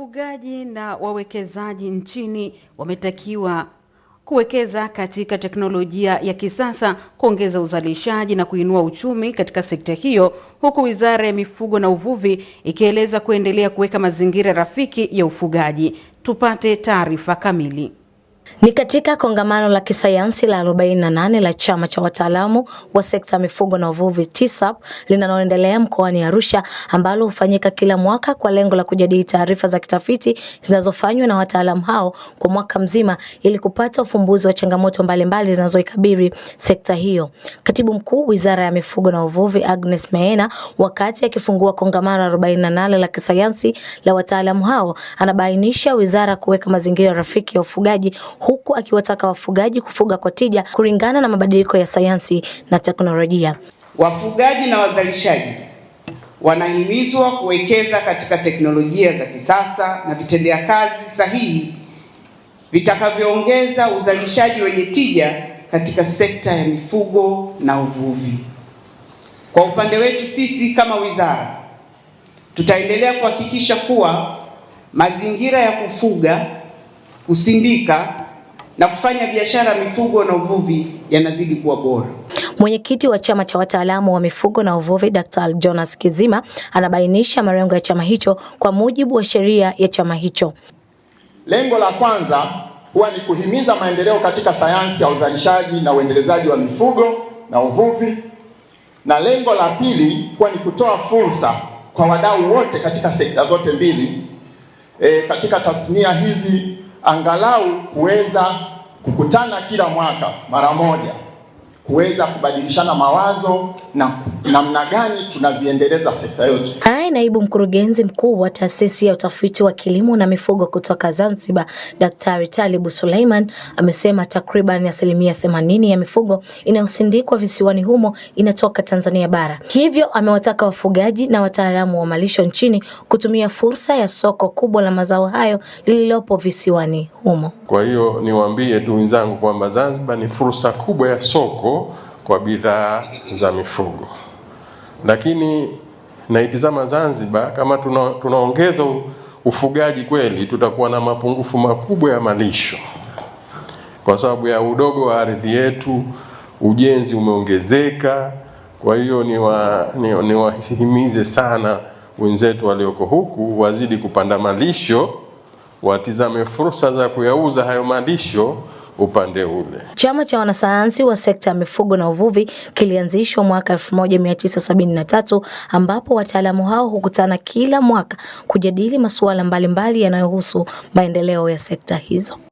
Wafugaji na wawekezaji nchini wametakiwa kuwekeza katika teknolojia ya kisasa kuongeza uzalishaji na kuinua uchumi katika sekta hiyo, huku Wizara ya Mifugo na Uvuvi ikieleza kuendelea kuweka mazingira rafiki ya ufugaji. Tupate taarifa kamili. Ni katika kongamano la kisayansi la 48 la chama cha wataalamu wa sekta ya mifugo na uvuvi TISAP linaloendelea mkoani Arusha ambalo hufanyika kila mwaka kwa lengo la kujadili taarifa za kitafiti zinazofanywa na wataalamu hao kwa mwaka mzima ili kupata ufumbuzi wa changamoto mbalimbali zinazoikabiri sekta hiyo. Katibu Mkuu Wizara ya Mifugo na Uvuvi Agnes Meena, wakati akifungua kongamano la 48 la kisayansi la wataalamu hao, anabainisha wizara kuweka mazingira rafiki ya ufugaji huku akiwataka wafugaji kufuga kwa tija kulingana na mabadiliko ya sayansi na teknolojia. Wafugaji na wazalishaji wanahimizwa kuwekeza katika teknolojia za kisasa na vitendea kazi sahihi vitakavyoongeza uzalishaji wenye tija katika sekta ya mifugo na uvuvi. Kwa upande wetu sisi kama wizara, tutaendelea kuhakikisha kuwa mazingira ya kufuga, kusindika, na kufanya biashara mifugo na uvuvi yanazidi kuwa bora. Mwenyekiti wa chama cha wataalamu wa mifugo na uvuvi Dr. Jonas Kizima anabainisha malengo ya chama hicho kwa mujibu wa sheria ya chama hicho. Lengo la kwanza huwa ni kuhimiza maendeleo katika sayansi ya uzalishaji na uendelezaji wa mifugo na uvuvi, na lengo la pili huwa ni kutoa fursa kwa wadau wote katika sekta zote mbili e, katika tasnia hizi angalau kuweza kukutana kila mwaka mara moja kuweza kubadilishana mawazo na namna gani tunaziendeleza sekta yote. Naye naibu mkurugenzi mkuu wa taasisi ya utafiti wa kilimo na mifugo kutoka Zanzibar, Daktari Talibu Suleiman amesema takriban asilimia themanini ya mifugo inayosindikwa visiwani humo inatoka Tanzania bara, hivyo amewataka wafugaji na wataalamu wa malisho nchini kutumia fursa ya soko kubwa la mazao hayo lililopo visiwani humo. Kwa hiyo niwaambie tu wenzangu kwamba Zanzibar ni fursa kubwa ya soko soko kwa bidhaa za mifugo. Lakini naitizama Zanzibar, kama tuna, tunaongeza ufugaji kweli, tutakuwa na mapungufu makubwa ya malisho kwa sababu ya udogo wa ardhi yetu. Ujenzi umeongezeka, kwa hiyo niwahimize ni, ni sana wenzetu walioko huku wazidi kupanda malisho, watizame fursa za kuyauza hayo malisho upande ule. Chama cha wanasayansi wa sekta ya mifugo na uvuvi kilianzishwa mwaka 1973 ambapo wataalamu hao hukutana kila mwaka kujadili masuala mbalimbali yanayohusu maendeleo ya sekta hizo.